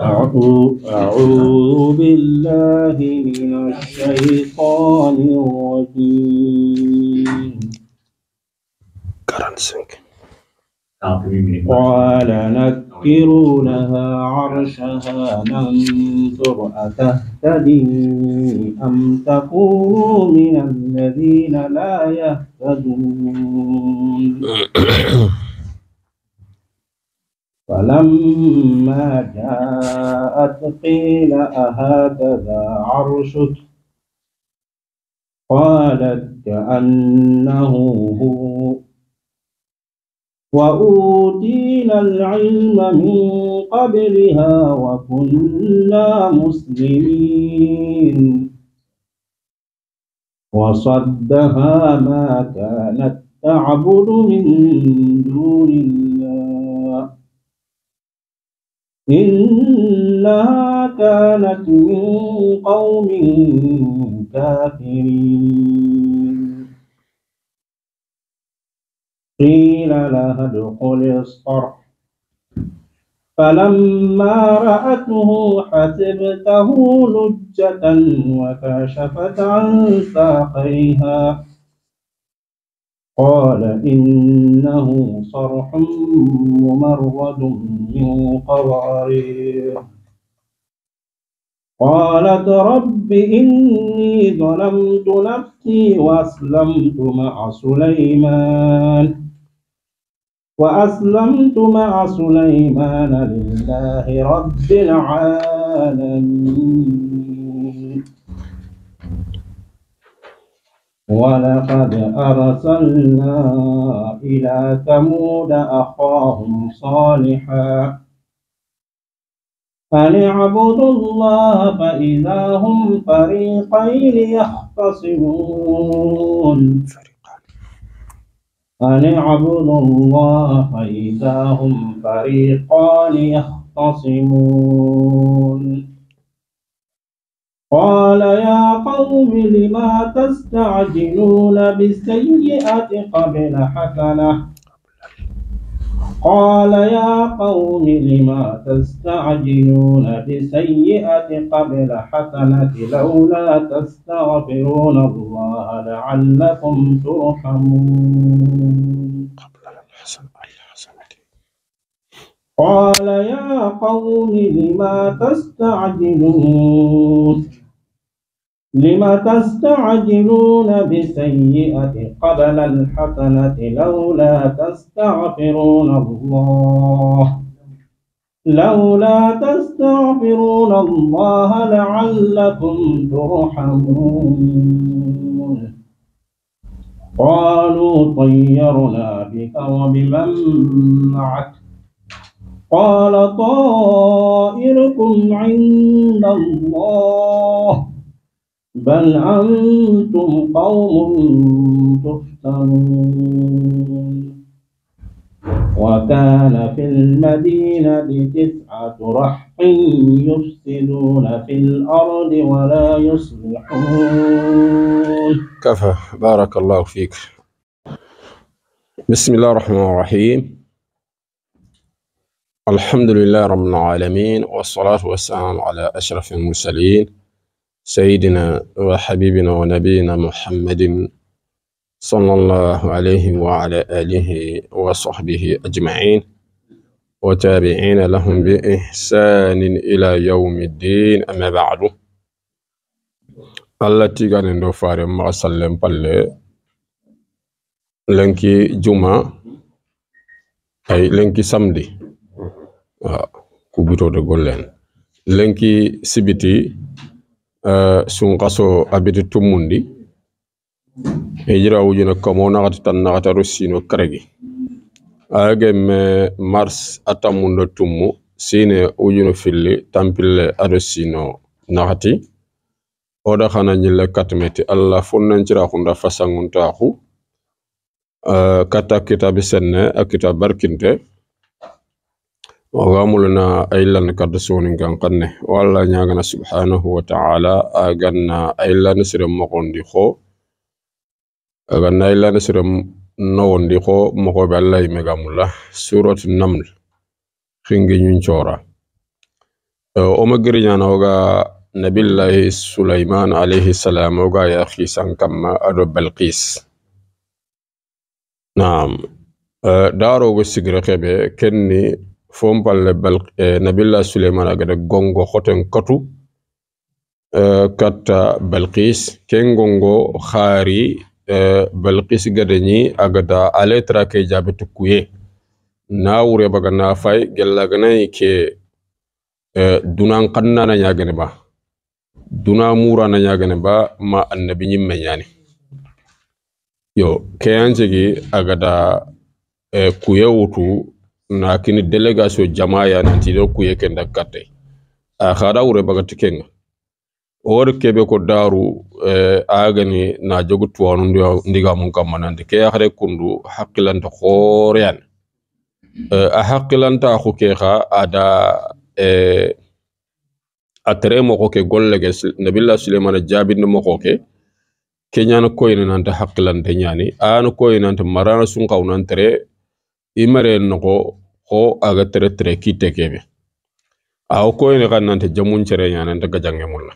أعوذ بالله من الشيطان الرجيم قال نكروا لها عرشها ننظر أتهتدي أم تكون من الذين لا يهتدون فلما جاءت قيل أهكذا عرشك قالت كأنه هو وأوتينا العلم من قبلها وكنا مسلمين وصدها ما كانت تعبد من دون الله إنها كانت من قوم كافرين قيل لها ادخل الصرح فلما رأته حسبته لجة وكشفت عن ساقيها قال إنه صرح ممرد من قوارير قالت رب إني ظلمت نفسي وأسلمت مع سليمان وأسلمت مع سليمان لله رب العالمين ولقد أرسلنا إلى ثمود أخاهم صالحا أن اعبدوا الله فإذا هم فريقين يختصمون أن اعبدوا الله فإذا هم فريقان يختصمون قال يا قوم لما تستعجلون بالسيئة قبل حسنة قال يا قوم لما تستعجلون بسيئة قبل حسنة لولا تستغفرون الله لعلكم ترحمون قبل الحسنة قال يا قوم لما تستعجلون لما تستعجلون بسيئة قبل الحسنة لولا تستغفرون الله لولا تستغفرون الله لعلكم ترحمون قالوا طيرنا بك وبمن معك قال طائركم عند الله بل أنتم قوم تفتنون وكان في المدينة تسعة رحق يفسدون في الأرض ولا يصلحون كفى بارك الله فيك بسم الله الرحمن الرحيم الحمد لله رب العالمين والصلاة والسلام على أشرف المرسلين سيدنا وحبيبنا ونبينا محمد صلى الله عليه وعلى آله وصحبه أجمعين وتابعين لهم بإحسان إلى يوم الدين أما بعد allah tigani ndo ما سلم بل لنكي lenki أي لنكي سمدي samedi waaw ku bito de Eh, sunkaso abiti tummundi hijira wujuna komo naxati tan naxata rusino karegi ayegemme mars atammundo tummu sine wujunu filli tampille adosino naxati oda xana ñille katmeti alla funnanciraxunda fasanguntaxu eh, katta kitabi senne a kitab barkinte oga mul'ahna ay laan karbisoo kan qabannef walalaa nyaagana subhaanahu wa ta'aala aaggana ayi laan sirrii noowwan dhiiqo moqol baallay magaamulah surat namd qingeyyunchoora umar gariyaan oga nabillahi sulaiman aalihisalaam oga ayyaagisani akamaa Ado balqiis naam dhaarawaa sigara qabee kenni. fom palle bal eh, nabilla suleiman agada gongo khoten katu eh, katta balqis ken gongo khari eh, balqis gadani agada ale trake jabetu kuye na wure baga na fay gellagana ke dunan kanna na ba duna mura na ba ma annabi nyimme nyani yo kayanje gi agada kuye wutu lakini delegation jamaa ya nantido kuye kenda kate akhara ure bagati kenga or kebe ko daru eh, agani na jogu tuwanu ndiga munka manandi ke akhare kundu hakilanta khorean eh, a hakilanta khu ada eh, a tere moko ke gollege nabilla suleimana jaabinde moko ke keñana koyne nanta hakkilante ñani an koyne nanta marana sunkaw nan imare nogo ho aga tere tere kite kebe aw ko ne kan nante jamun cere nyana nta gajange mulla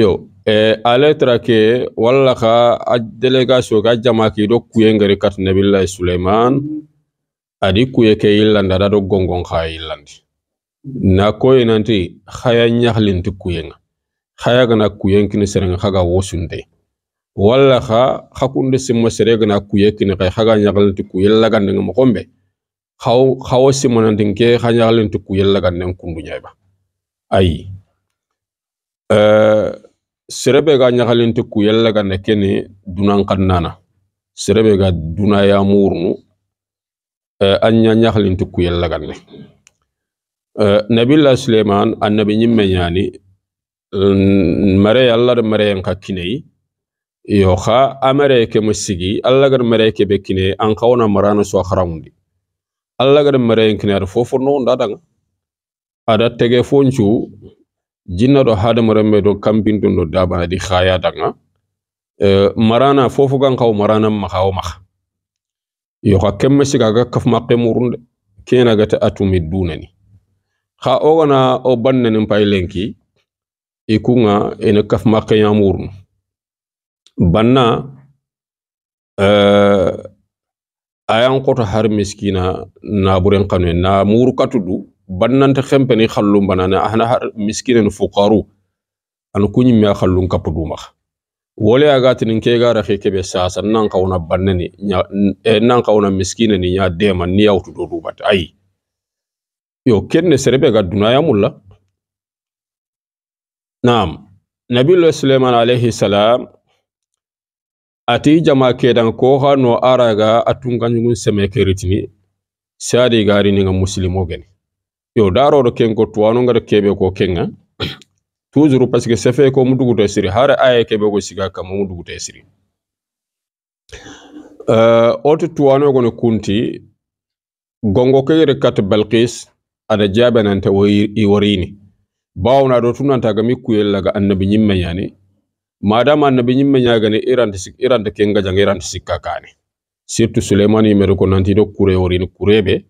yo e ale tra ke walla ka a delegation ga jama ki do kuye ngere kat nabillahi e suleiman adi kuye ke yillanda da do gongon kha yillandi na koye nanti khaya nyahlinti kuyenga khaya gana kuyen kini sereng khaga wosunde walla xa hakunde simma seregana kuye kini xay xaga ñaxalenti kuye lagandeng khaw xaw xawo simanantin ke xa ñaxalenti kuye laganden kundu ay euh serebe ga ñaxalenti ya eh, kuye kene dunan xannana serebe ga dunaya murnu a ña ñaxalenti euh Nabi allah suleiman annabi nyimme ñani mm, mare yalla de mare en kineyi iyo xa amareeke masigi allagar mareeke bekine kine an xawna marano so xaramundi allagar mareenkine ar fofu no noxunda ada tege fonchu jinna do hadamaremme do kampintun no dabana di khaya danga e, marana fofu gan xaw marana ma wo ma iyo xa kemme siga ga kaf ma murunde kena gata atumi dunani xa ogana o bannenin paylenki ikunga i ene kaf ma yamurunu banna eh, ayan koto har miskina naburen kanue na muru katudu bannanta xempeni xallum banane ahana har miskinen fuqaru an kuñimme a xallum kapudumax wole agatinin kegara xe keɓe sasa nan xawna bannani nan eh, xawna miskineni ña dema ni yawtudo dubat ayi yo kenne serebe ga dunaya mulla naam nabiullah suleiman alayhi salam ati jama kedanko ha no araga atunganjugun seme keritini sadi gari ninga muslimo gani yo daroro kengo tuwano ngada kebe ko kenga tuzuru pasike sefe ko mudugu ta siri hara aye kebe ko siga kama mudugu ta siri uh, eh, otu tuwano gono kunti gongo kere kata balkis ada jabe nante wa iwarini bawna do tunanta gami kuyelaga annabi nyimme yani madama annabi ñimme ñagani iranta sik iranta kenga jang iranta sikka kane surtout suleymani yimere ko do kure worin kurebe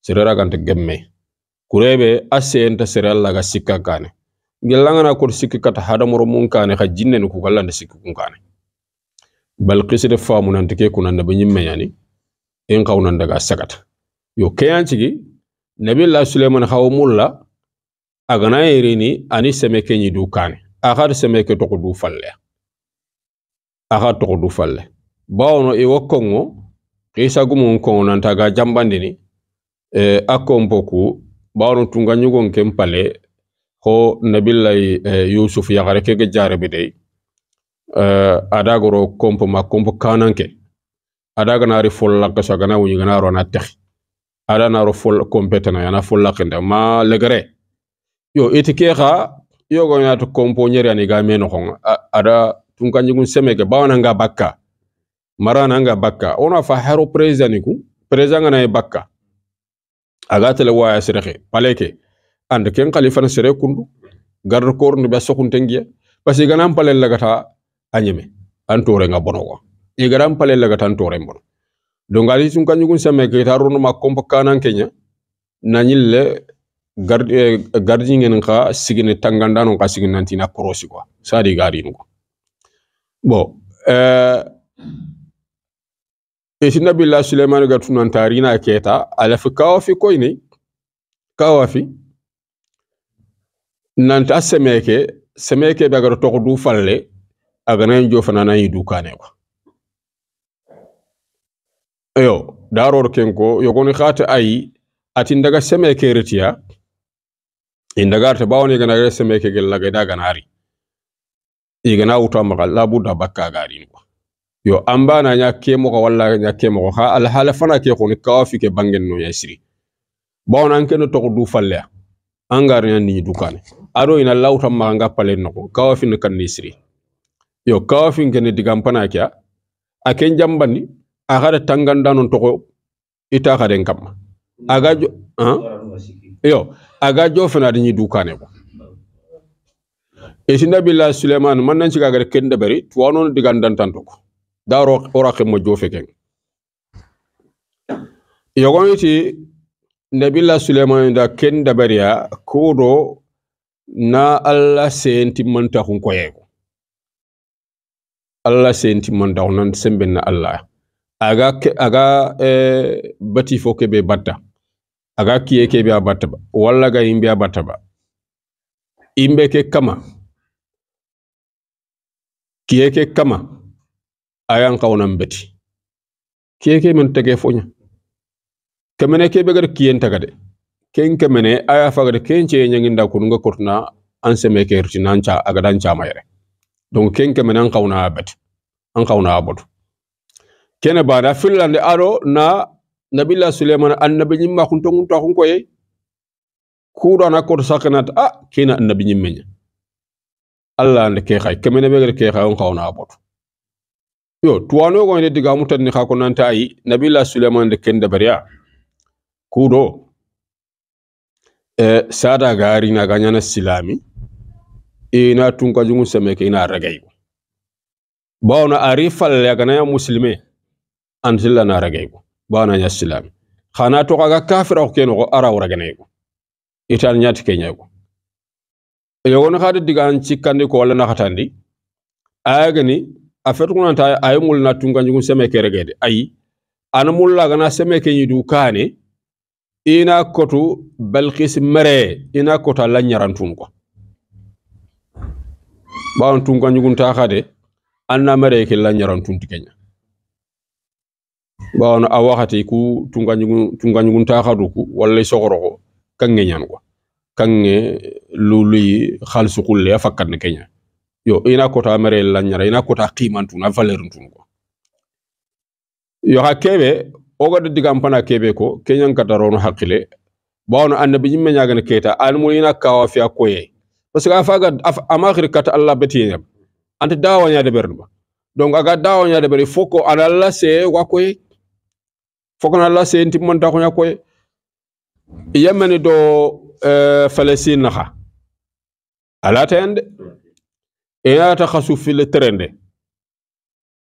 sereraganta gemme kurebe a senta serellaga sikka kane gellangana koto sikki kata hadamoro mun ni ha jinneni kugallanta sikki kun kane balkiside faamu nanti ke kun annabi ñimme yani en kawnan daga sagata yo nabi allah suleiman hawo mulla agana yerini ani seme keñi du axar seme ke toxudu falle axa falle bawono iwo e kongo xisagumun kongo nantaga jambandini e, a kompoku bawono tunga ɲugon ken ho nabillayi e, yusuf yaxare kege jarebi dey e, adagoro kompo ma kompo kananke adaganari follakaso agana adana ana fol adanaro yana ana follakinde ma legere yo iti yogonoya to kompo compoñeri ani ga meno noxonga ada tunkanjigun semeke nga bakka nga bakka ona fa haro president ku president ngana ye bakka aga tele wa serexe paleke ande ken khalifa na sere kundu garde corps ndu be soxuntengiya parce que ganam palel lagata anyeme ñeme an torenga bono quoi e garan palel lagata an toren bono donc ali tunkanjigun semeke ita ronuma compa kanan kenya nañille Eh, gardien ka sigine tanganda non ka sigine korosi quoi ça di gari nugo bon nabila eh, e sinna billah suleiman gatu non tarina keta ala fi kawafi koyni kawafi nanta semeke semeke be garo tokodu falle agana jo fanana yi dukane quoi ayo daror kenko yogoni khata ayi atin daga semeke retiya indagarte bawoni gana rese meke gel laga da ganari igana wuta maka labu da baka gari ko yo amba na nya ke ko walla nya kemo ko ha al fana ke ko ni fi ke bangen no yasri bawon an keno to du falle angar nya ni dukane aro ina lawta ma nga pale no kawafi ne kan nisri yo kawafi ngene digampana kya aken jambani agada tanganda non toko ita karen kama a jo yo aga jofana duka ne ko isina billah suleiman man nan ciga gar ken dabari tuwano digandan tanto ko daro orake mo jofe ken yogon yiti nabila suleiman da ken ya kodo na allah senti ta hun koyego allah senti manta hun nan sembe na allah aga aga batifo eh, bati fo kebe batta aga biya bata ba battaba wala ga bata ba in bai ke kama ke kama ayan bati beti kiyeke min tege foña kemene ke ɓe gada kiyen de ken kemene aya fagade ken ceye ñaginda ga kortuna an seme ke rutina a ca dan an camayere donc ken kemene an kauna a bet an kawna a botu kene filan finlande aro na nabilla suleiman annabi ñimma xun to ngunta ku do na ko sakinata ah kina annabi meñ allah ande ke xay kemene be ke xay on xawna a ɓoto ne diga digamu tanni xa nan nanta ayi nabila suleiman nde ken ku do e eh, sada ganya na silami ina tunkajungu semeke ina regaygo bawna ari falle aganaya musilme an silla na regaygo bana ya silami khana to ga kafira ko keno ara wura gane ko itan nya tike nya ko e yogon diga an cikande ko wala na khatandi agani afet kuna ta ay mul na tunga ngun seme kere gede ay an mul la gana seme ke yidu kane ina kotu balqis mare ina kota la nyarantun ko on tunga ngun ta khade anna mare ke la nyarantun tikenya bawano a waxati ku tungañugun tungañugun taxadu ku walla i soxoroxo kange ñan quoi kange luluyi xaalisu qulle a fakkat ne keña yo na kota merel la ñara ina kota qimantun a valeur ntun quoi yo xa keɓe ogada digam pana keɓe ko keñankata rono haqile bawano annabi ñimme ñagana keta anmul na kawa fiya koye parce que a faga ama xir kata allah betiyeñam ante dawañade ɓernu ba donc aga dawa nya bari foko ala la se wakoy foko na la se lase ntimonta ko nyakoy yemeni do uh, falestina ha ala tende e ata khasu fil trende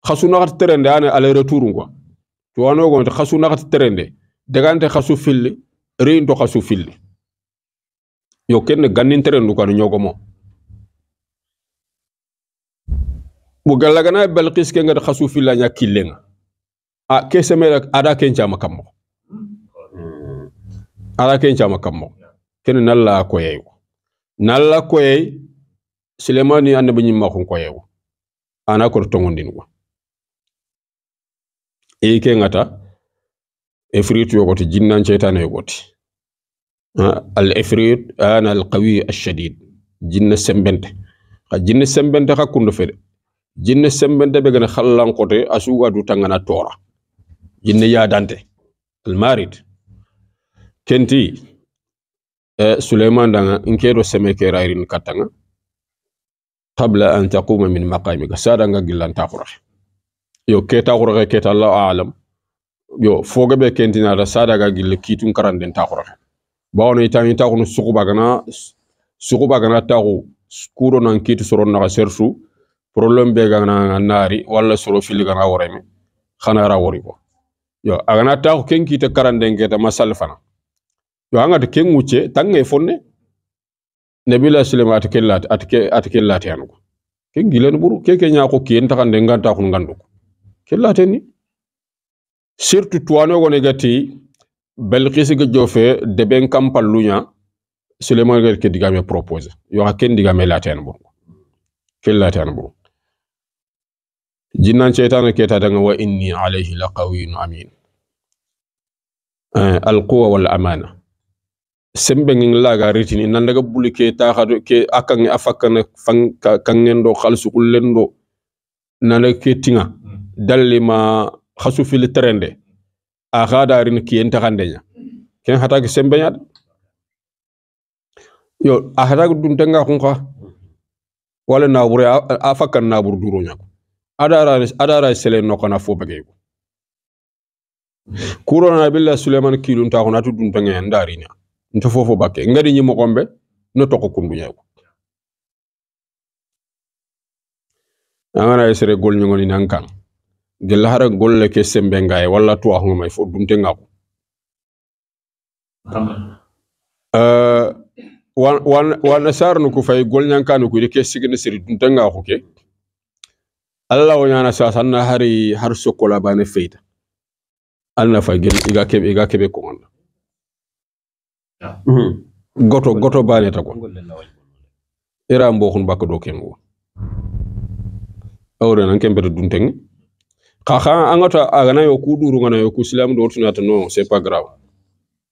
khasu na trende ane ale retour ngwa to wano go khasu na trende degante khasu fil rein do khasu fil yo ken ganin trende ko no mo mo gallagana balqis ke ngada khasu fi laña killenga a ke semera ada ken chama kammo ada ken chama kammo ken nalla ko yeyo nalla ko yey silemani annabi nyimma ko ko yeyo ana ko tongondin ko e ke ngata ifrit e yogoti jinnan shaytan yogoti al ifrit e ana al qawi al shadid jinna sembente jinna sembente hakkundu fede jinne sembente be gene xallankote a sugadu tangana tora jinne ya yadante almarid kenti e eh, suleiman danga nkeɗo seme ke rayrin kattanga qabla an taquma min maqamika sadanga gillanta xuraxe yo keta xuraxe keta allahu alam yo foga be kentinata sadaga gille kitun karanden ta ba bawona itani taxunu suxubagana suxubagana taxu kuro nan kitu soron naxa sertu problem be na nari wala solo fili gana woreme khana ra wori ko yo agana ta ken kita karande ngeta masal fana yo anga keng ken wuce tange fonne nabila sulaiman lat atke atkellat yanu ko ken gilen buru ke ke nyako ken takande nganta ko ngandu ko lateni, ni to tuwano gone gati belkis ga jofe debeng kampal lunya sulaiman ga ke digame propose yo ha ken digame laten bo kellaten bo jinnan ta danga wa inni alayhi la qawiyun amin eh, alquwa wal amana sembe ngeng laga ritini nan daga bulu ke khadu ke akangi afakana fan kangendo khalsu kullendo nana ke tinga hmm. dalle ma khasu fil trende a khadarin ki enta khandenya ken hata ke sembe nyat yo a hata dun tanga khunkha hmm. wala na bure afakan na bur duro nyako adara sele no kana fo bege ko kurona billah suleiman kilun ta honatu dun tange nya nto fofo bakke ngari nyimo kombe no toko kundunya ko angana esere gol nyongoni nankan gella hara golle ke sembe ngaye wala to hongo may fo dunte ngako eh, wan wan wan sarnu nuku fay gol nyankanu ku de ke seri siri dunte ngako ke okay? allah wo ñana sa sanna hari har ba ne feita. Allah fa fagel iga keɓe iga keɓe kogonɗa mhm. goto goto ba ne ta quoi ira mbo mboxun bakka do ken wo awre nan kembete duntenge xa xa angata aganayo ku ɗuruganayo ku silam do tunata no c'est pas grave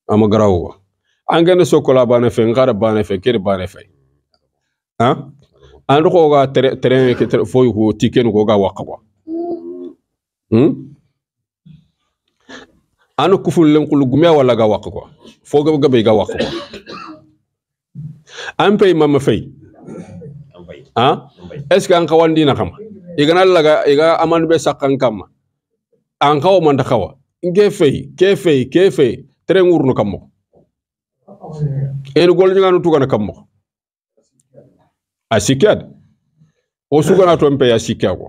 ama grave wa angene ba ne fe ngara ba ne fe ba ne fe Ha? an riko ga terrain ke foyi ko tiken ko ga waka kwa hmm an kuful len kul gumya wala ga waka kwa fo ga ga bai ga waka kwa an pay mama fay ha est ce que an kawan na kama igana laga iga aman be sakkan kama an kawo man da kawa nge fay ke fay ke fay terrain wurnu kamo en gol ngana tugana kamo a asikia o sugana eh. to mpe asikia ko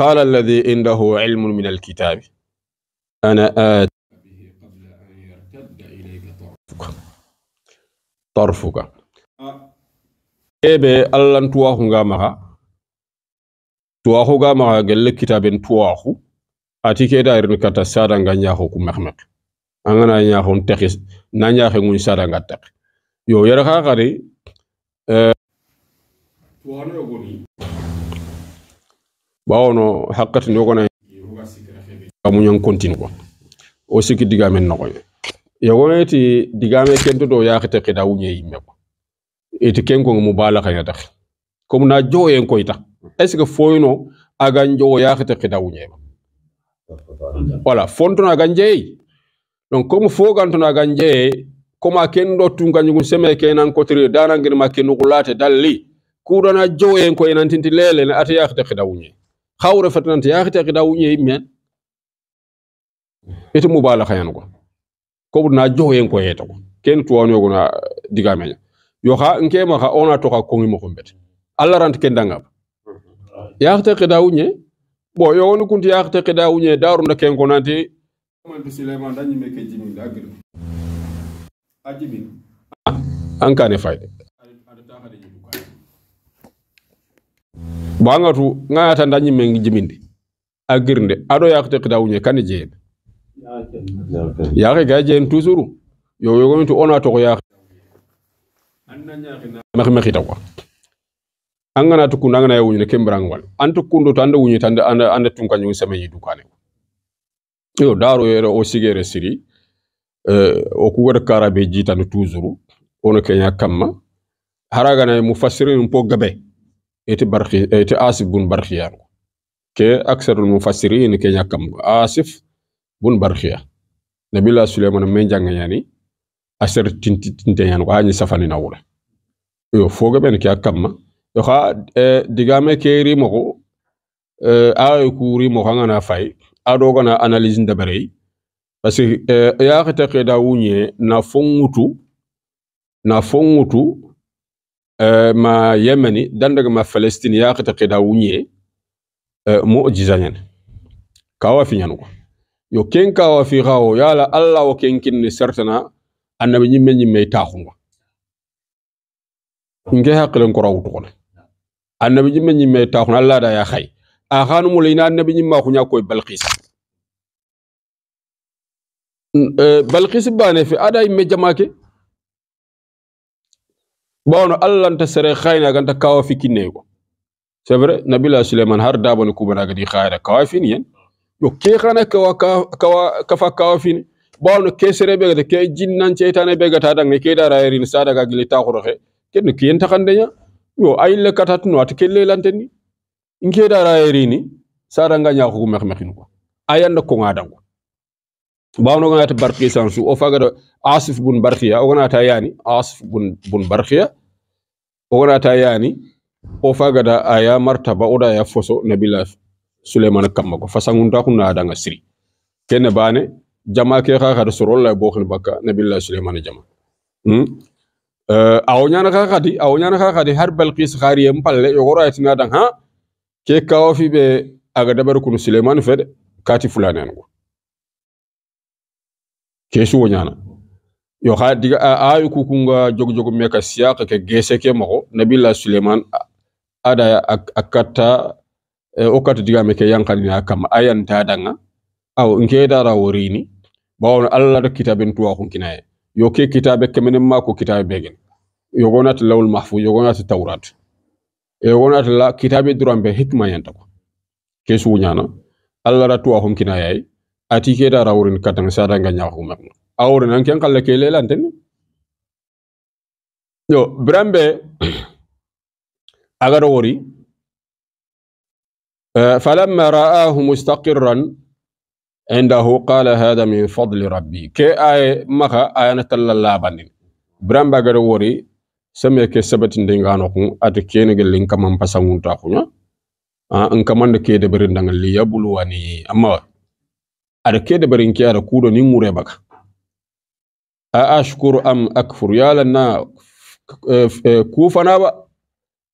قال الذي عنده علم من الكتاب أنا آت قبل أن يرتد إليك طرفك طرفك allan tuwaxu nga maxa tuwaxu ga maxa gelle kitaben tuwaxu ati ke dairin kata sadanga ñaaxo ku mexmex a ngana ñaaxon texis na ñaaxengun sadanga tex yo yara ka gari tuwano yogoni bawono hakkati yogona kamunyan kontinu ko o digame digamen nogoye yogona ti digame kento do yakete kida wunye yimme ko iti kenko mu bala kanya tak comme na joyen ko ita est ce que foyno aga njo yakete kida wunye ba voilà fontona ganjey donc comme fo gantona ganjey koma ken ɗo tungañugum seme ke enan kotiri e danangir makke nugulate dalli kuɗana jow en ko enan tinti lele ne ata yaxite xidawuñe xawre fetnante yaxite xidawuñe yimmen ete mubala xayanugo koɓurna jow en ko yetago ken tuwanoguna digameña yo xa nkema xa ona toxa koŋimoxum bet allah rant ken dangaba yaxite xidawuñe bo yowoni kunti yaxite xidawuñe darunda ken konanti an kane fayde bangatu ngayata dañi men jimindi agirnde girnde aɗo yakte kitawuñe kane jeen yaake ga jeen toujours yo yo to ona toxo yaake maxi maxita quoi an angana tukkundu an gana yewunye kembiran wal antu tukkundu to anda wuñita anda tunkañugu seme yidu yo daro yero o sigere siri Eh, o kuwata karabe jiitano toujours ono keña kamma haraganae mo fasirinum po gabe ete barki ete asif bun barkiyango ke aksarul mo fasiri ene keña kamgo asif bun barkiya nabila suleymana me jangañani aser tintintiñango haañi safanina wure yo fo gabe ne kea kamma yo xa e, digame ke rimoxo e, aayo ku rimoxo angana fay a dogana analyse ndabarey parce que e euh, yaxete xeeda wuñe na fonŋutu na fonŋutu euh, ma yemeni dandaga ma wuñe euh, kawa fiñanuko yo ken kawa fi xawo yala wo ken kinne annabi ñimme ñimme taxunga nge haqilen annabi ñimme ñimme taxuna da ya xay a annabi ñimma xuña koy balkisa Eh, balkisi bane fi aɗa yimme jamake ɓawno allahnta sere hayne aganta kawa fikkinneyi ko c'est vrai nabila suleiman har daboni kubanagadi hayra kawa fini yen yo ke hana kawa kawa kafa kawa fini ɓawno ke serebe gata ke jinnan ceytane be gata dange ke dara yerini sadaga gili taxuro xe ken kiyen taxandeña yo ayille katatuno ata ke lelanten ni nke dara yerini sadanga ñaxugu mexmexin ko ayanda konga dango bawno gonata barki sansu o do asif bun barkhia o gonata yani asif bun bun barkhia o gonata yani o da aya martaba da ya foso nabila suleiman kamako fasangun ta kunna adanga siri kenne bane jama ke kha khada sorolla bo khil bakka nabila suleiman jama hmm eh, awo nyana kha khadi awo nyana kha khadi har balqis khariye mpalle yogoro atina dan ha ke kawfi be aga dabar kunu suleiman fede kati fulani ke suwo ñana yo xa diga ayu kukunga jogjogu me ka siyaqa ke gese ke moxo nabila suleiman ada a katta o kata e, digame ke yankanina kam a yantadanga aw nke dara worini bawo allah da kitaben tuwa kun kinaye yo ke kitabe kemenen mako kitabe begen yogonati lawul mahfu yogonati tawrat yogonati la kitabe durambe hikma yanta ko kesu nyana allah da tuwa hun kinaye ati ke da rawrin sa da nga nyaahu mak awrin an ken kala kele lanten yo brambe agar wori eh, falamma ra'ahu mustaqirran indahu qala hada min fadl rabbi ke ay maka ayana talalla banin bramba gar wori samye ke sabati ndinga no ko at ken gelin kamam pasamunta khunya an ah, kamande ke de berindanga li yabulu wani amma kiyar ku da nin baka a ashkuru am akfur yalanna eh, eh, ba.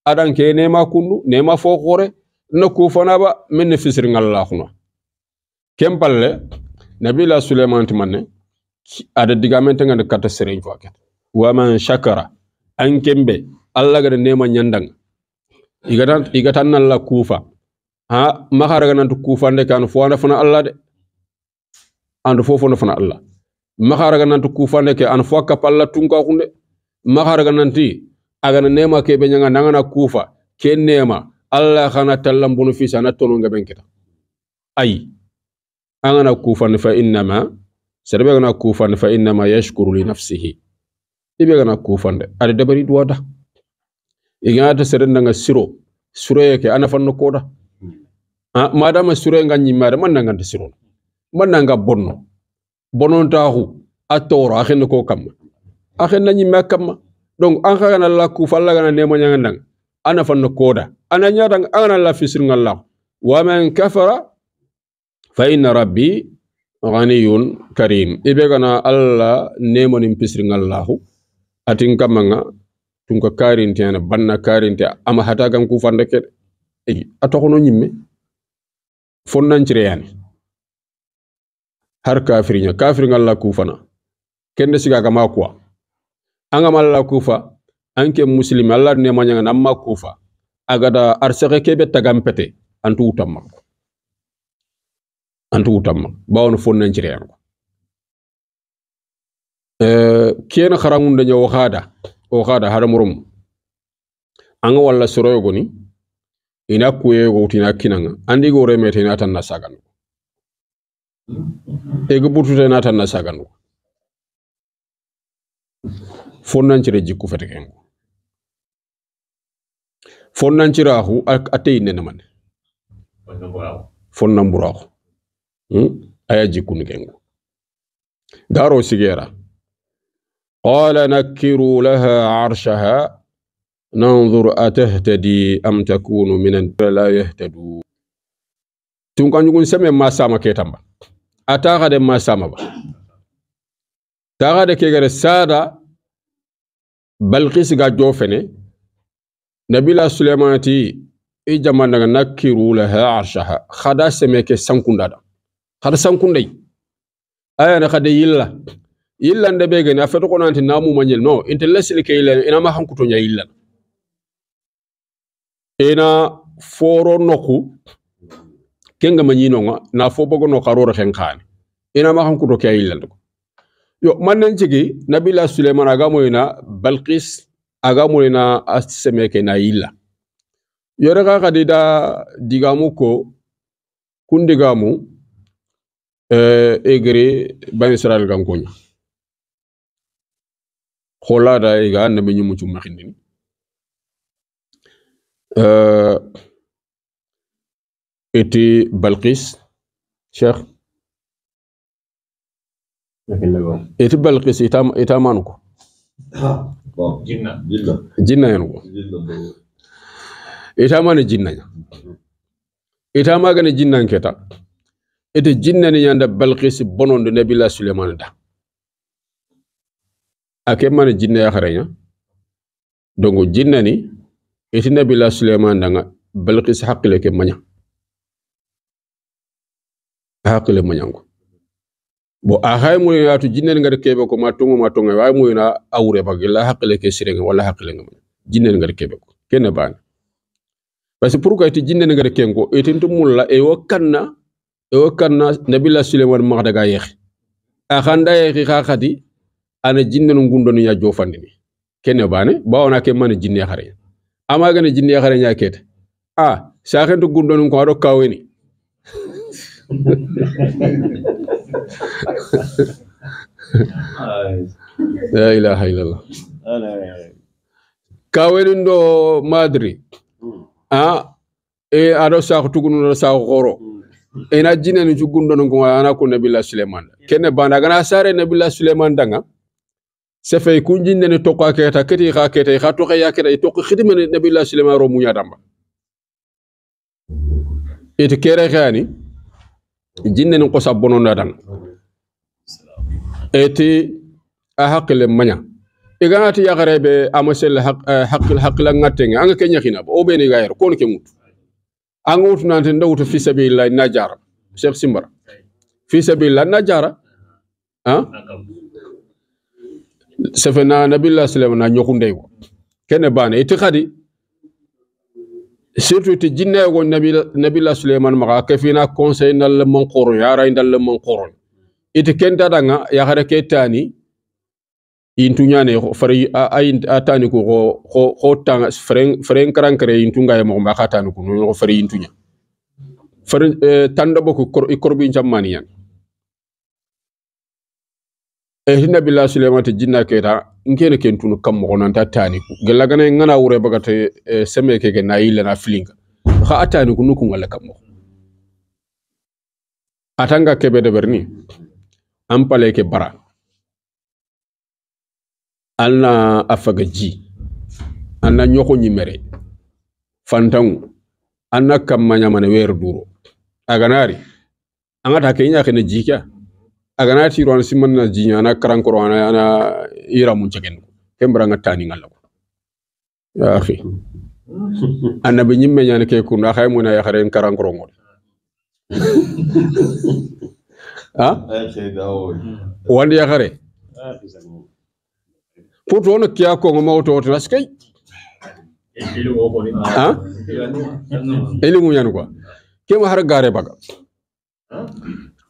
adan ke nema kunu nema fokore na kufanaba minne fisir ŋallahuno kem palle nabila suleiman timanne ada digamente kata katta ko fo wa man shakara an kembe allah gada nema nyandang igatan nalla kufa ha maharaganantu kufande kanu fo anda fana allah de ando fofono fana allah maxaraga nanti kufane ke an fo kunde. tunkaxunde maxaraga nanti agana nema ke be na nangana kufa ke nema allah tallam bunu fi sana tononga ben kita ay angana kufane fa inna innama serbe gana kufane fa inna ma yashkuru li nafsihi ibe gana nde ada dabari duwada iganata serendanga siro suroye ke ana fanno koda hmm. ah, madama suroye nga ñimmade man nanganta siro mananga bonno bonontaxu a tooro a xen ko kam a xen ya na donc an xagana la fa la gana nemañanga ndang a nafan na ana la fisirnga kafara fa inna rabbi ghaniyun karim ibegana gana alla nemanin pisirnga laxu atin kammanga tun ko karinte ana banna karinte ama hata gan kufande kede a toxono ci fonnancireyani har kafirinya kafir ngalla kufana kende siga kama kwa anga malla kufa anke muslim allah ne na ma kufa agada arsake kebe pete antu utamma antu utamma bawon fonnen ci reyango euh kena kharamun dañu waxada waxada haramurum anga wala walla goni ina kuyeyogo wutina kinanga andigo remete na tan na sagango ega burtuta na tan na sagan ko fonnancire jikku fete ken ko fonnanciraku a teyinnene mane fonnamburaku hmm? aya jikkuni nikengu ko daro sigera qala nakkiru laha arshaha nanzur atahtadi am takunu min la yahtadu tun kanjugun seme ma sama ketamba a ata ma sama ba taxade ke gare sada balkis ga jofene nabila ti i jamanaga na kiru laha arshaha xada semeke sankundada xada sankunday ayana xade yilla yillande be gene a feto konanti namumañel no inte lesili ke yillana inama xankutoña yilla ina foro noku kenga nga na fo bogo no karoro khani ina ma hankudo kya ilando yo mannen nabi nabila Sulaiman aga moyna balqis aga moyna ke na illa re ga kadida digamu ko kundigamu eh, egre ban israel gankonya khola da iga nabi nyumu eh, iti Balqis Cheikh iti Balqis ita manuko jinna yanuko ita mani jinna ya ita magani yang keta iti jinna ni yanda Balqis bonondu nabila Sulaiman da ake mani jinna ya kharenya dongo jinna ni iti nabila Sulaiman da nga Balqis hakile ke manya hakile moñango bo a hay yatu jinnel ngari kebe ko ma tongo ma way mo na awre bagi la hakile ke sirenge wala hakile ngam jinnel ngari kebe ko kene bani parce pour ko ti jinnel ngari kengo etin to mulla e wo kanna e wo kanna nabila sulaiman ma ga yex a khanda yex kha khadi ana jinnel ngundo ni ya jofandini kene ba bawona ke man jinne xare ama gane jinne xare nya ket ah, sa saxentu gundo ko do kaweni la ilaha illallah kawenin do madri a e aɗo sako tugunuɗo sako koro ena jinani cugundo non ko ana ko nabila suleiman kene banda gana sare nabila suleiman danga sefey ku jinnene tokka keta keti xa keta xa toxe ya keta tokki xitimene nabila suleiman ro muñadamba iti kere xeani jinne ni kosa bononda nadan eti a hakile manya ya hak yagarebe eh, amasel hakil hakila ngatenga anga kenya khina o beni gayer kon ke mut anga wut nante ndawuta fi sabilillah najara cheikh simbara fi sabilillah najara ha sefena nabilla sulaiman na nyokundeyo kene bane itikadi surtout ti jinne go nabila suleyman maka ke fina conseil ndal le ya yara ndal le manqoro ite kenta nga ya hare ke tani intu nyane fari ay atani ko ko ko tanga fren fren krankre intu ngaye mo ma khatani ko no fari intu nya fari eh, tanda boko korbi jammaniyan Eh, hinna billa sulemata jinna keta nkene kentunu kam mogo nanta taniku gella gana ngana wure bagate eh, seme keke na yilla na filinga ha ataniku nuku wala kam mogo atanga kebe de berni ampale ke bara anna afaga ji anna nyoko nyimere fantangu anna kamma nyamane wer duro aganari angata kenya kene jika agana tiro an simman na jinya ana karan koro ana ira mun cegen kembra nga tani ngal ko ya akhi annabi nyimme nyane ke kun akhay mun ya kharen karan koro ngol ha ah? wandi ya khare ah, puto no kiya ko ngo mawto to naskay ha elimu yanu ko ah? kema har gare baga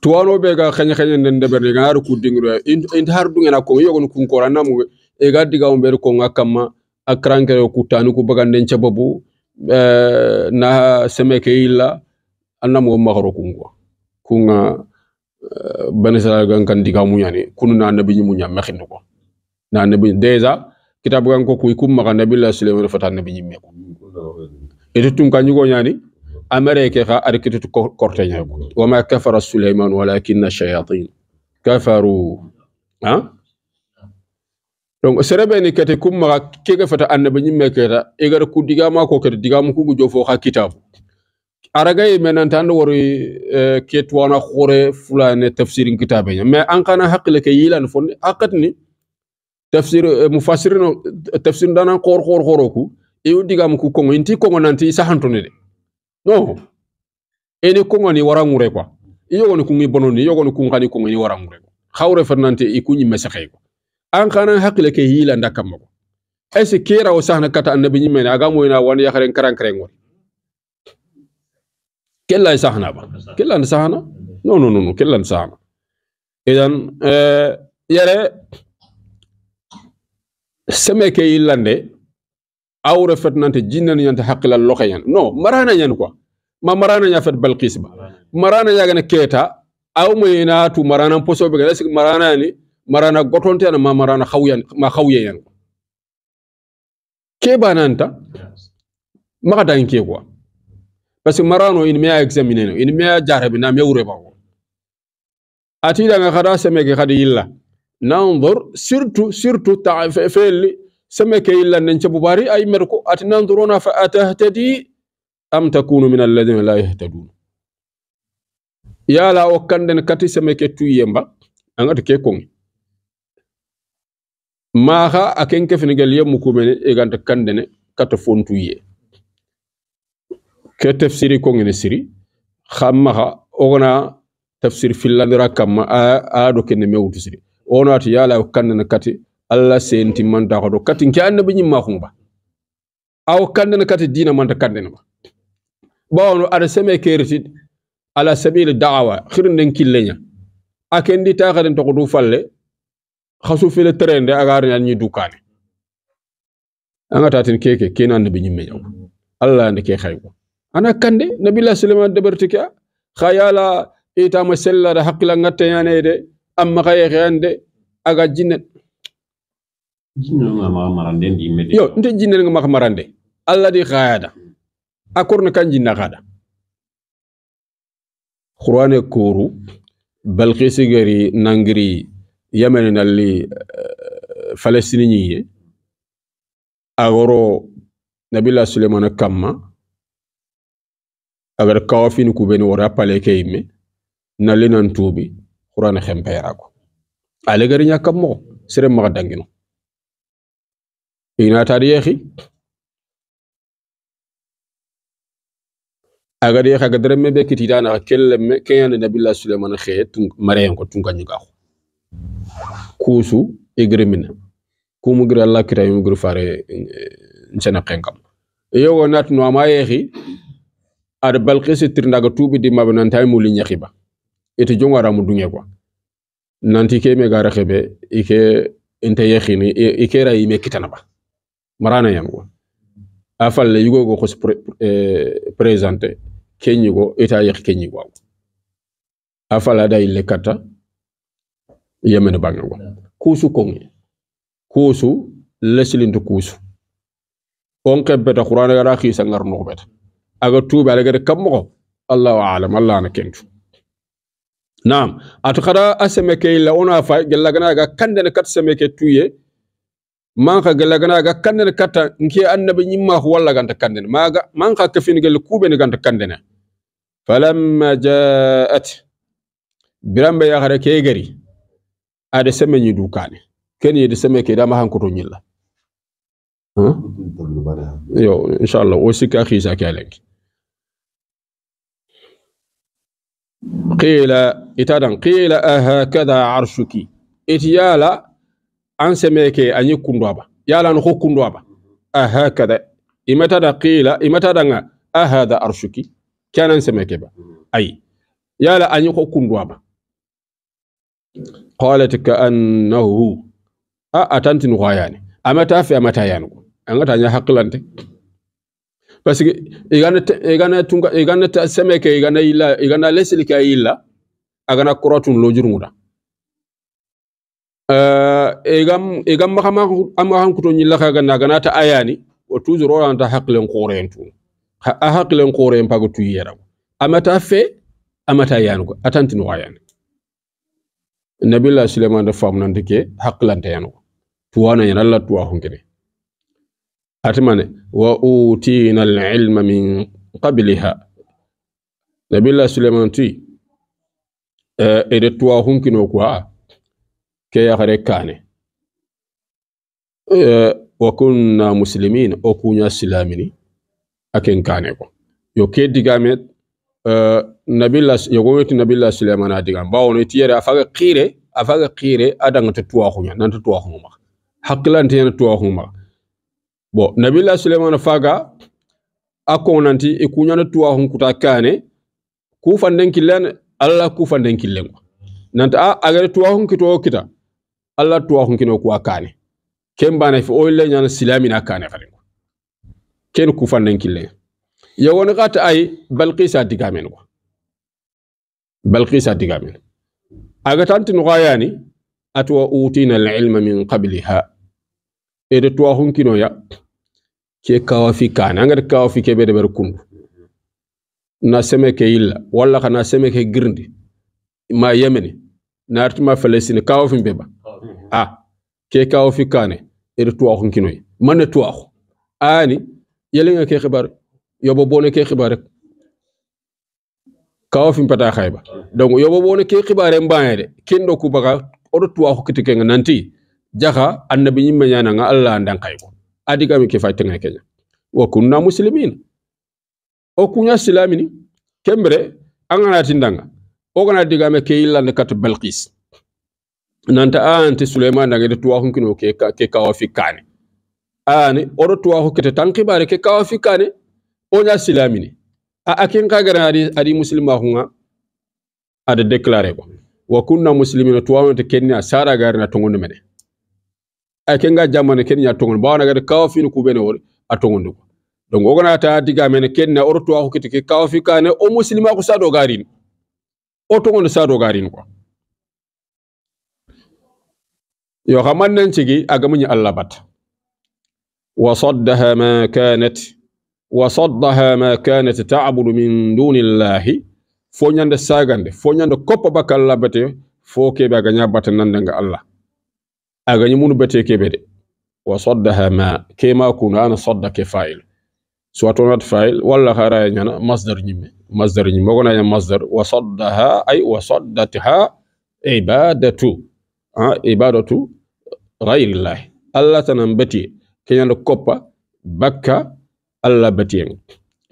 tuwano bega ga khanya khanya nden deber ga har ku dingro in har dungena ko yogon kun ko ranamu e ga diga on ko ngakama akranke ku kutanu ku bagan den chababu eh, na semeke illa annamu magro kun ko kunga eh, banisala gan kan diga mu yani kunu na nabi mu nya mekhin ko na annabi deja kitab gan ko ku kum maga nabi la alaihi wasallam fatan nabi nyimme ko etu nyani amerike xa arkititu korteñako wama kafara suleiman walakina shayatin kafaru ha donc serebeni kete kummaxa kege fata annaba ñimme keta igar ku digama ko kete digamu kugu jofo xa kitabu aragaye menanta anda wari eh, ke tuwana xure fulane tafsirin kitabe mais an xana haqile ke yilan fonde haqatni tafsir eh, mufassirino tafsir danan xor xor xoro ku iwu digamu ku kongo inti kongo nanti i de no eni kongani warangure kwa iyogoni kungi bononi iyogoni kungani kungani warangure kwa khawre fernante ikunyi mesakhe kwa an kana hakile ke hila ndakamma kwa ese kera o sahna kata annabi nyimene agamo ina wani yakharen karan karen ngori kella sahna ba kella sahna no no no no kella sahna idan eh yare seme ke yillande awra fet nante ni yanta haqqilal loxe yan non marana yan quoi ma marana ya fet balqis ba marana gane keta aw moyena tu marana poso be lasik marana ni marana gotonte na ma marana xawyan ma xawye yan ke bananta maxa dangin ke quoi parce que marano in mea examiner no in mea bi na me mea wureɓango atidanga xada semeke khadi illa nanzur surtout surtout ta fe, سمك إلا ننشب باري أي مركو أتننظرون فأتهتدي أم تكون من الذين لا يهتدون يا لا وكان كاتي سمك تويمبا أنت كيكون maxa a ken ke fenegal ye mukumene eganta kandene kata fontuye ke tafsiri kongene siri xa maxa ogona tafsir fillandira kamma a do kene mewutu siri ono ati yala kandene kati alla senti man ko hodo katin ki annabi nyim ma ba aw kandana kati dina manta kandana ba bawon ada seme kerti ala sabil da'wa khirin den killenya akendi ta gaden to du falle khasu fil trende agar nyan ni dukane anga tatin keke kena annabi nyim me jaw alla ne ke khayko ana kande nabila sulaiman dabartika khayala ita masalla da haqqila ngatte yanede amma khande aga jinnat yo nte jinel nga mahamarande allah di khayada na kan jinna khada qur'ane koru balqis gari Nangri, yemen nali falestini eh, ñiye agoro nabila sulaiman kamma agar ku ben wora pale keyime nali nan tubi qur'an xempeyara ko ale gari ña mo sere ma dangino ina tariyahi aga de xaga dere mebe kiti dana kelle me kenya nabi sulaiman khe ko tun kanyi kusu igremina ku mu gira allah kira mu gira fare eh, ncena qenkam yow nat no ma ar ya, balqis tirndaga tubi di tay muli nyaxiba jongara mu dunge ko nanti ke me gara xebe ike inte yeexini ya, ike ra yime kitana ba marano yam go a falle yugogo ko e, présenté keñigo éta yeki keñigo a fala ada ille katta yemene bange go kuusu konge kuusu lesilinto kuusu konke beta qur'ana gara xiisa ngar nuxu beta aga tuuɓe ala gada kammoxo allahu alam allah ana kentu naam atu xada a semeke ila ona fay gellagana aga kandene kat semeke tuye man gana ga kandene katta nke annabi ñimma walla ganta kandene maga man xa kefinigel kuɓeni ganta kandene falamma jaat birambe hare ke gari ade seme ñi dukane ken yede seme ke dama hankoto ñilla yo inchallah wo sikka sa ke lenki qila itadan qila ahakada arshuki itiyala an seme ke anyi kundwaba yala no kundwaba ahakada imata da qila imata da nga ahada arshuki kanan sɛmɛ kɛ ba ayi yala anyi ko kundwaba qalat ka annahu a atantin wayani amata fi amata yani an ga tanya haqlante parce que igana igana tunga igana seme ke igana ila igana lesil ke illa agana kuratun lojurumuda egam eh, egam makama amma han kuto nyilla kaga na ganata ayani wa tuzur ora anta haqlen tu a haqlen qoren pago tuyera amata fe amata yanu ko atanti no ayan nabilla suleiman da fam nan dike haqlan tayanu tuwana yana Allah tuwa hunkire atimane wa utina al-ilma min qabliha nabilla suleiman tu e eh, de tuwa hunkino kwa ke yaxare kaane eh, wa kunna muslimin o kunya silamini a ken kaane ko yo ke digame eh, nabila yogoweti nabila silaman a digam ne iti yere a faga xiire a faga xiire a dangata tuwaxuña tuwa tuwaxuma maxa hakkilantiyana tuwaxuma maxa bo nabila silaman faga e a konanti i kuñana tuwaxun kuta kaane kufanden killen alla kufanden killen ko nanta a agare tuwaxun kito kita alla tuwaxun kino kuwa kane ken bana fi o le ñana silamina kane farenko ken ku fannen killenga yawoni xata ay balkisa digamen quoi balkisa digamen agatanti noxayani atwa utina alilma min qabliha ede ya ke kawafi kane angata kawafi ke ɓeɗeɓer kundu na seme ke yilla walla kana na seme ke girndi ma yemeni na artima felestine kawafin fi ba ah ke kawo fi kane ere tuwaxu kinoy mane tuwaxu ani nga ke xibar yobo bon ke xibar rek kawo fi pata xayba donc yobo bon ke xibare mbaye de ken do ku baga odo tuwaxu kitike nga nanti jaxa annabi ñimme nga allah ndan xay ko adigami ke faytenga kenya wa kunna muslimin o kuña silamini kembere angana tindanga ogana digame ke ne kat balqis nanta aanti suleiman nagede tuwaxu kino ke, ke kawafi fi kane ani oro tuwaxu kete tan xibare ke kawafi fi kane oña silamini a akin ka kagana adi, adi muslimaxunga ada déclaré ko wa kunna muslimina tuwanonte kennia sara garina tongondi mene a kenga jamane kennia tongondi bawana gade kawa fini kubene wori a tongondi ko donc ogona ta diga mene kennia oro tuwaxu kete ke kawafi kane o muslima ku sa do garini o tongondi sa do garini quoi yoo xamannanci gi agamuñu allah bat wa saddaha ma kanat wa saddaha ma kanat ta'budu min dunillahi foñande sagande foñande koppa bakka allah bate fo keɓe agaña bata nandanga allah agañi munu bate keɓe de wa saddaha ma kema kuna ana sadda ke fa'il soit onat fa'il walla haraya ñana masdar ñimme masdar ñimme ogonaña masdar wa saddaha ay wa saddatha ibadatu ibadatu راي الله الله تنبتي كي كوبا بكا الله بتي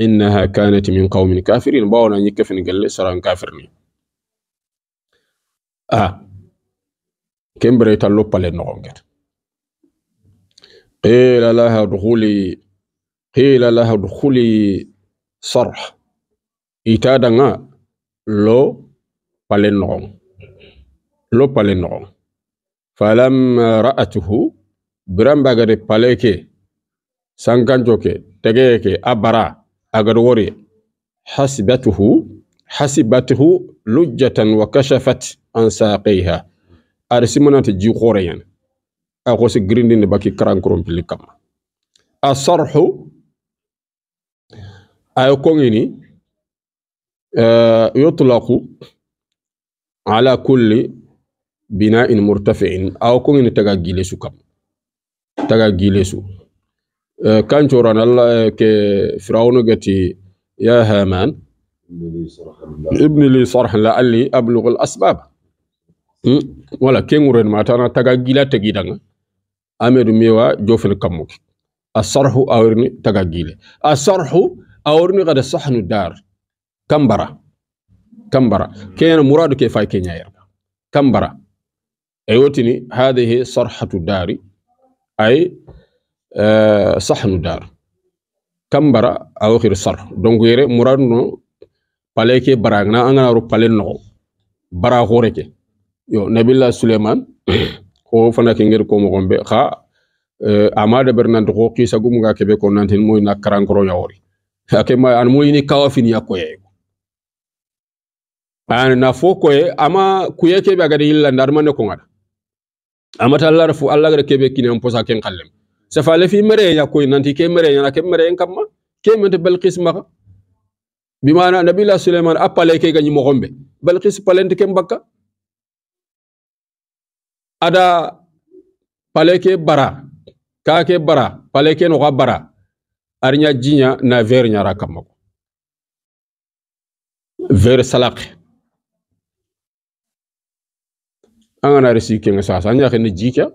انها كانت من قوم كافرين باونا نيكفن قال لي سران كافرين اه كمبري تالو بالي نوغير قيل لها ادخلي قيل لها ادخلي صرح ايتادا لو بالي نوغ لو بالي نوغ falamma eh, ra'atuhu biramba gadi paleke sankanjoke tegeyeke a bara agadi wori hasibatuhu hasibatuhu lujjatan wa kashafat an saqeyha ari simanati ji xoreyan a xosi baki karankoronpili kamma a sarhu ayo koŋini eh, yutlaqu ala kulli بناء مرتفع أو كون سو سكام تجعيله سو آه، كان شوران الله آه، كفرعون قتي يا هامان ابن لي صرح لا لي أبلغ الأسباب ولا كين ورن ما تنا تجعيله تجي دعه أمير ميوا جوف الكموك الصرح أورني تجعيله الصرح أورني قد صحن الدار كمبرا كمبرا كين مراد كيفاي كينيا كمبرا eyewotini hadhihi sarhatu dari ay eh, sahnu dar kambara khir sar donc yere murano paleke, baragna angana ro pale no bara hore yo nabilla suleiman ko fana ke ngir ko mo gombe kha eh, amade bernand ko kebe ko nantin moy na karankoro yawori ake ma an moy ni kawafin yakoye an na foko ama kuyeke be agadi illa ndar ko ngada amata allah rafu allah gare kebe kine on posa ken kallem safale fi mere ya koy nanti ke mere ya ke mere en ma ke mente balqis mana nabi nabila suleiman appale ke gani mo gombe balqis palent ke mbaka ada pale ke bara ka ke bara pale ke no bara arnya jinya na ver nyara kamma ver salaqe angana resi nga sasa ke ne jika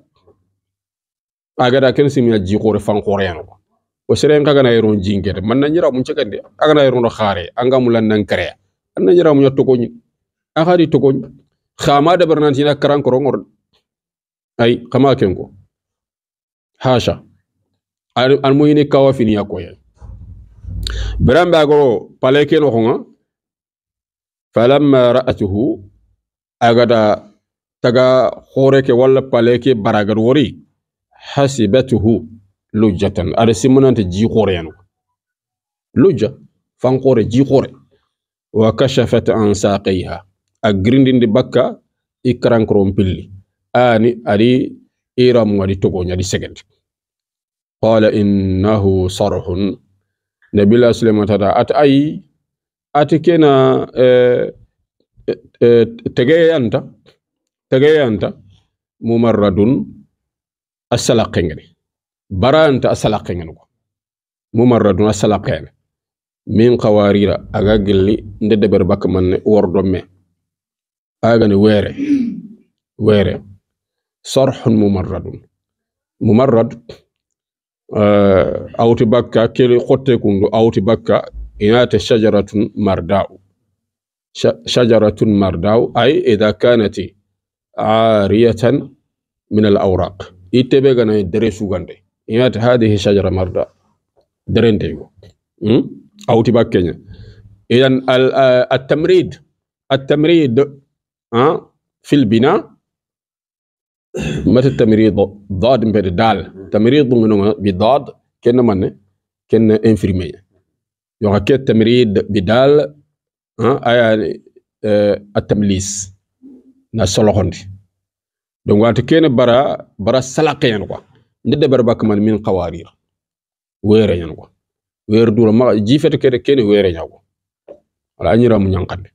da ken ya fan ko fankore yano o nga gana yero jinge de man na nyira ci kande aga na no khare anga mulan nan kre an na nyira mu to ko ni akhari to ko ni khama da barnanti tina karan ko ngor ay khama ken ko hasha an mu ni kawa fini yakoye ba go pale ken ko nga falamma ra'atuhu agada taga horeke pale paleke baragar wori hasibatuhu lujjatan ada simmunanta ji horeyano lujja fankore ji hore wa kashafat an saqiha a di bakka ikran karankoron pilli ani adi iramu adi togoñadi segend qala innahu sarhun nabila suleiman tata at ayi ati kena eh, eh, eh tegeyanta mumarradun asalaqengani baranta asalaqengani ko mumarradun asalaqene min qawarira aga gilli nde deber bak manne wordo me agani were were sarhun mumarradun mumarrad eh, awti bakka keli xotte kundu awti bakka inate shajaratun mardau shajaratun mardau ay ida kanati عارية من الأوراق يتبع عن الدرس وعندي يات هذه شجرة مرضى درين أو تبقى إذا إذن التمريد التمريد في البناء متى التمريض ضاد من دال تمريض منو بضاد كنا من كنا انفرمية يوكا التمريض بدال ها يعني، التمليس na solohondi donc wati kene bara bara salaka yan kwa ndede bara bakman min qawarir wera yan ko wer dur ma jifete kene kene wera yan ko ala anyira mu nyankande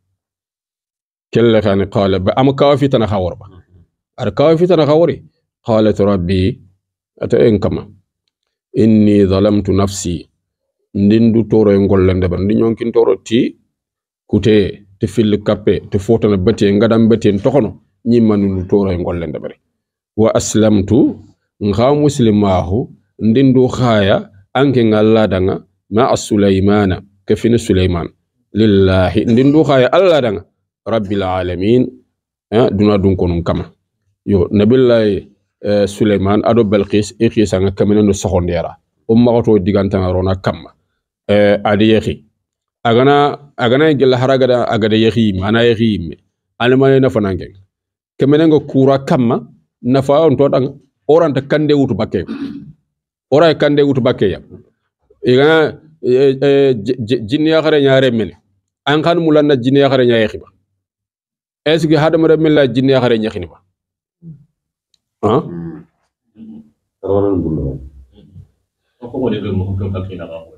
kelle tan qala ba am kawafi tan khawar ba ar kawafi tan khawari qalat rabbi ata en inni zalamtu nafsi ndindu toro e ngol lende ban ndi nyonkin toro ti kutee te fil kappe te fotana beti en gaɗan bati en tohono ñimmanu ndu toro e golle ndeɓre wa aslamtu nga muslimahu ndin ndu haya anke ma a sulaymana ke fin sulayman lillahi ndindu khaya alla danga rabbil alamin eh, duna dun kama yo nabillahi eh, suleiman ado balqis ikhisa nga kamine no soxondera o maxoto digantanga rona kama, eh adiyahi agana agana gel haraga agada yahim ana yahim alamanya na fanange kemenengo kura kama nafa on to dang oranta kande wutu bakke ora kande wutu bakke ya iga e, e, e, jinia yakare nyaare men an kan mulanna ya xare nyaare khiba est ce que hadam re mel la jinni ya xare khiba ha rawal ko ko de mo ko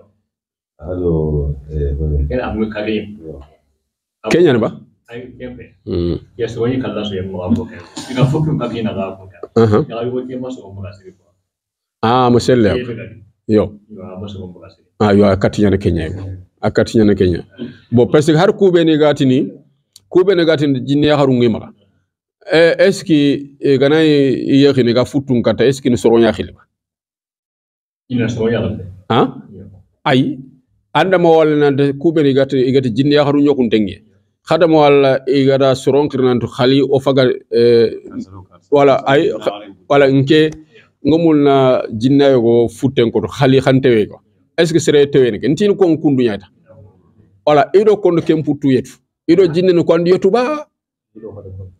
Hello, eh, Kenya ne ba? Mm. Yes, wani kalla su yamma abu kare. Ina fukin kake uh-huh. ah, Yo. yo ah, akati yana Kenya yo. Bo parce har kube ne gati ni. Kube ne gati jinni ya harun est-ce que gana yekhini ga futun kata est-ce que ni soroña khilba? Ina soronya. Ha? Ah? Ai, anda mo walla kuben kuɓen igata igata jinne yakaru nyokun tengie hada mo walla igata soronkir nantu khali o faga eh, wala ay wala nke ngomul na jinna go futen koto khali khantewe tewe ko est ce que sere tewe ke ntini kon kundu ñata wala ido kondo ken puttu yetu ido jinni no ko andi yetu ba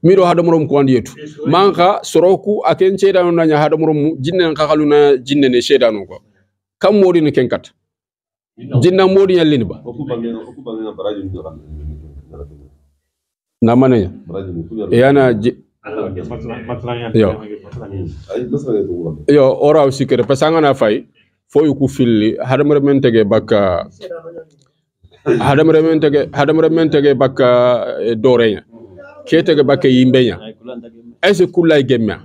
miɗo haɗamorom ko andi yetu manka suroku soroku aken ceedano naña haɗamorom mu jinne n kakaluna jinne ne ceedano ko kam moɗino ken jinna modi yallini ba na mana ya yana ya yo yo ora aussi que parce que ngana fay ku filli hadam remen bakka hadam remen hadam remen bakka eh, dorenya ketege bakka yimbenya ay se kulay gemma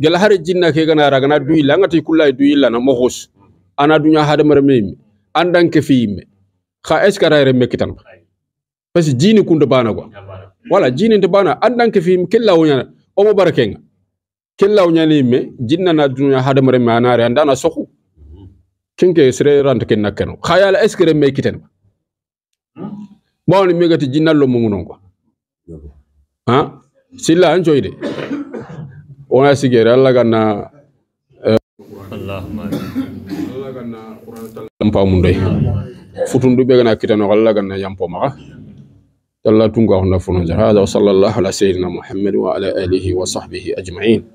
gel har jinna ke gana ragana duila ngati kulay duila na mohos ana dunya hadam remen andanke fiimme xa est ce que ara parce kitan que jini kunde bana quoi voilà jini nde bana andanke fiimme kellawo ñana omo bara kenga kellawo ñani yimme jinnana duniya re remme anare andana sohu kinke sere rant ken nakeno xa yala est ce que remme kiten bawni jinna lo mungu ngono quoi ha silla de ona wona sigere allah ganna eh, allahuma فتون دبينا كتان غلغنا يمقوما تلا تنقى هنا فنجر هذا وصلى الله على سيدنا محمد وعلى آله وصحبه أجمعين